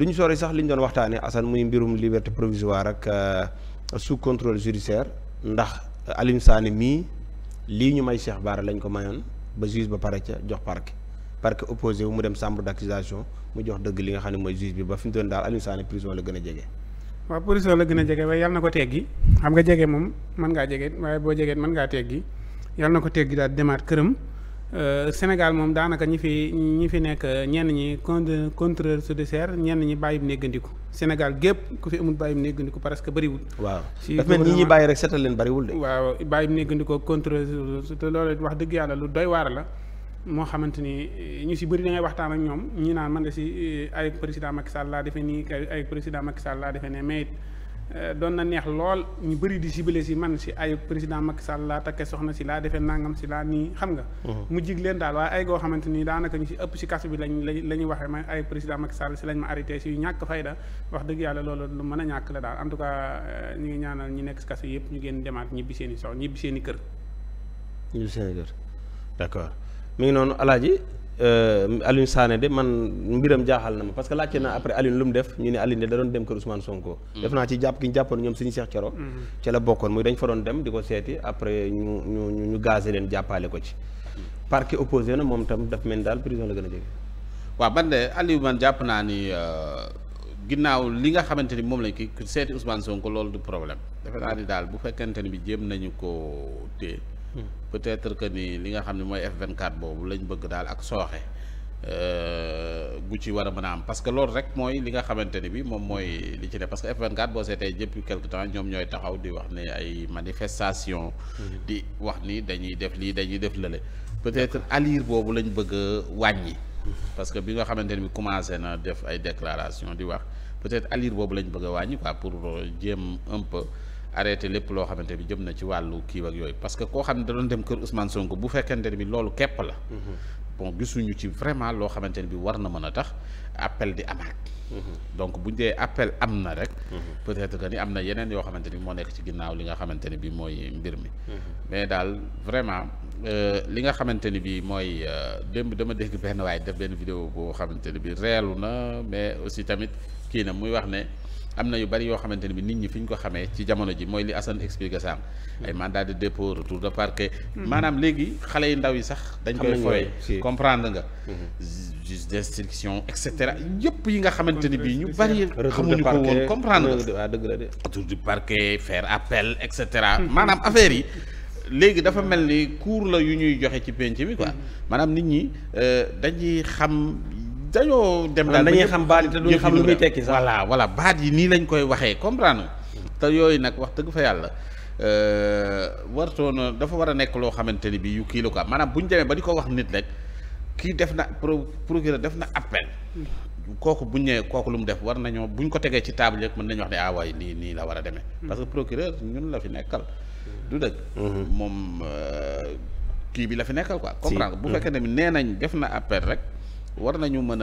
du ñu sori sax li ñu doon waxtaanee Assane muy mbirum liberté provisoire ak euh, sous contrôle judiciaire ndax Alioune Sané mii lii ñu may Cheikh Bara lañ ko mayoon ba juge ba pare ca jox parquet parquet opposé wu mu dem chambre d'accusation mu jox dëgg li nga xam ne mooy juge bi ba fi mu doon daal Alioune Sané la gën a jege. waaw prison la gën a jege waaye na ko teggi xam nga jege moom mën ngaa jege boo jegee mën ngaa teggi yàlla na ko teggi daal demaat këram. Euh, Sénégal moom daanaka ñi fi ñi fi nekk ñenn ñi contre contrôleur judiciaire ñenn ñi bàyyi néggandiku Sénégal gépp ku fi amul bàyyi néggandiku parce que bëriwul. waaw dafa mel ni ñi ñuy bàyyi rek setal leen bariwul de. waaw bàyyi néggandiku contrôleur te loolu wax dëgg yàlla lu doy waar la. moo xamante ni eh, ñu si bëri da ngay waxtaan ak ñoom ñi naan man de si eh, ay président Macky Sall laa defee nii ay président Macky Sall laa defe ne mais Euh, doon na neex lool ñu bëri di sibile si man si ay président Macky Sall laa takke soxna si laa defee nangam si laa nii xam nga. Mhm. mu jig leen daal waaye ay goo xamante ni daanaka ñu si ëpp si kaso bi lañ la ñuy waxee man ay président Macky Sall si lañ ma arrêté si ñàkk fayda wax dëgg yàlla loolu lu mën a ñàkk la daal en tout cas euh, ñu ngi ñaanal ñi nekk si kaso yëpp ñu génn demaat ñibbi seen i sox ñibbi seen i kër. ñibbi seen i kër d'accord mi ngi noonu Alaaji Euh, Alioune saane de man mbiram jaaxal na ma parce que laajte naa après Alioune lu mu def ñu ne Alioune de da doon dem kër Ousmane Sonko. Mm. def naa ci jàpp ki ñu jàppoon ñoom suñu Cheikh Thioro. Mm-hmm. ca la bokkoon muy dañ fa doon dem di ko seeti leen jàppale ko ci. Mm. parquet opposé na moom itam daf mel ni daal prison la gën a jege. waaw man de man jàpp naa ni euh, ginnaaw li nga xamante ni moom lañ ki seeti Ousmane Sonko loolu du problème defe naa ni daal bu fekkente ni bi jéem nañu ko téye. peut-être que ni li nga xam ne mooy F24 boobu lañu bëgg daal ak sooxe gu euh, ci war a mën a am parce que loolu rek mooy li nga xamante ni bi moom mooy li ci ne parce que F24 boo seetee depuis quelque temps ñoom ñooy taxaw di wax ne ay manifestation di wax ni dañuy def lii dañuy def lële peut-être alir boobu lañ bëgg wàññi parce que bi nga xamante ni bi commencé na def ay déclaration di wax peut-être alir boobu lañ bëgg a wàññi quoi pour jéem un peu arrêté lépp loo xamante ni jëm na ci wàllu kii ak yooyu parce que koo xam ne da doon dem kër Ousmane Sonko bu fekkente ne bi loolu képp la. Mm-hmm. bon gisuñu ci vraiment loo xamante ne bi war na mën a tax appel di amaat. Mm-hmm. donc bu ñu dee appel am na rek. Mm-hmm. peut-être que ni am na yeneen yoo xamante ni moo nekk ci ginnaaw li nga xamante ni bi mooy mbir mi. mais daal vraiment euh, li nga xamante ni bi mooy euh, démb dama dégg benn waaye def benn vidéo boo xamante ni bi reelu na mais aussi tamit kii na muy wax ne. am na yu bari yoo xamante ni bi nit ñi fi ñu ko xamee ci jamono ji mooy li Assane expliqué sànq. ay mandat de dépôt retour de parquet. Hmm. maanaam léegi xale yu ndaw yi sax. dañ koy fooye comprendre nga. Hmm. juge d'instruction et cetera yëpp yi nga xamante ni bii ñu bari. xamuñu ko woon comprendre nga retour du parquet faire appel et cetera. maanaam affaire yi. léegi dafa mel ni cours la yu ñuy joxe ci penc bi quoi hmm. maanaam nit ñi euh, dañuy xam dañoo dem daal dañuy xam baat yi te duñ xam lu muy tekki sax voilà voilà baat yi nii lañ koy waxee comprendre te yooyu nag wax dëgg fa yàlla euh, wartoona dafa war a nekk loo xamante ni bi yu kii la quoi maanaam bu ñu demee ba di ko wax nit rek kii def na pro procureur def na appel kooku bu nee kooku lu mu def war nañoo bu ñu ko tegee ci table rek mën nañu wax ne ah waay nii nii la war a demee. parce que procureur ñun la fi nekkal. du dëgg. Mhm. moom euh, kii bi la fi nekkal ko comprendre bu mhm. fekkee ne nee nañ def na appel rek. war nañu mën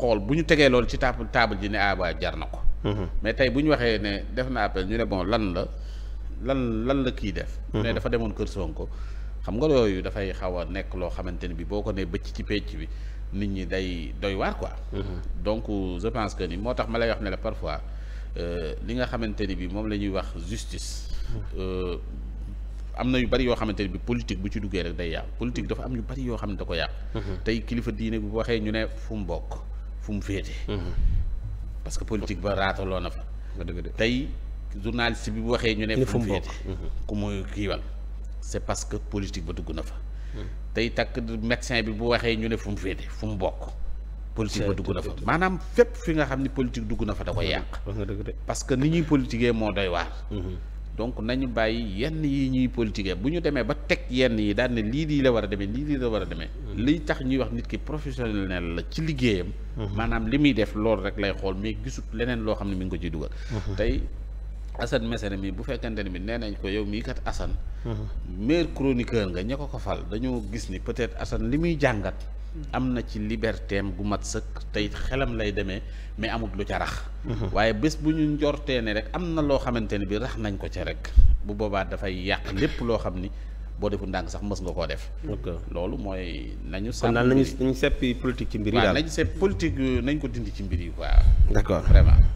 xool bu ñu tegee loolu ci table table ji ne aba ah, jar na ko. Mm-hmm. mais tey bu ñu waxee ne def na appel ñu ne bon lan la lan la kii def. ne mm-hmm. dafa demoon Kër Sonko xam nga yooyu dafay xaw nekk loo xamante ni bi boo ko nee bëcc ci pecc bi nit ñi day doy waar quoi. Mm-hmm. donc je pense que ni moo tax ma lay wax ne la parfois euh, li nga xamante ni bi moom la ñuy wax justice. Euh, am na yu bari yoo xamante ne bi politique bu ci duggee rek day yàq politique dafa am yu bari yoo xam ne da ko yàq. Mhm. tey kilifa diine bu waxee ñu ne fu mu bokk fu mu féete. Mhm. parce que politique ba raataloo na fa. tey journaliste bi bu waxee ñu ne. fu mu féete mhm. ku muy kiiwal. c'est parce que politique ba dugg na fa. tey takk médecin bi bu waxee ñu ne fu mu féete fu mu bokk. politique ba dugg na fa maanaam fépp fi nga xam ni politique dugg na fa da koy yàq. parce que ni ñuy politiquer moo day waar. donc nañu bàyyi yenn yi ñuy politiquer bu ñu demee ba teg yenn yi daal ne lii di la war a demee lii di la war a demee. Mm-hmm. liy tax ñuy wax nit ki professionnel la ci liggéeyam. Mm-hmm. maanaam li muy def loolu rek lay xool mais gisut leneen loo xam ne mu ngi ko ciy dugal. Mm-hmm. tey Assane Mesere mii bu fekkente ne bi nee nañ ko yow mii kat Assane. meilleur chroniqueur nga ña ko ko fal dañoo gis ni peut-être Assane li muy jàngat. am na ci liberté am bu mat sëkk tey xelam lay demee mais amut lu ca rax. Mhm. waaye bés bu ñu njortee ne rek am na loo xamante ne bi rax nañ ko ca rek bu boobaa dafay yàq lépp loo xam ni. boo deful ndànk sax mës nga koo def. loolu mooy nañu. sàmm nañu nañu seppi politique ci mbir yi daal nañu sepp politique nañ ko dindi ci mbir yi quoi. d'accord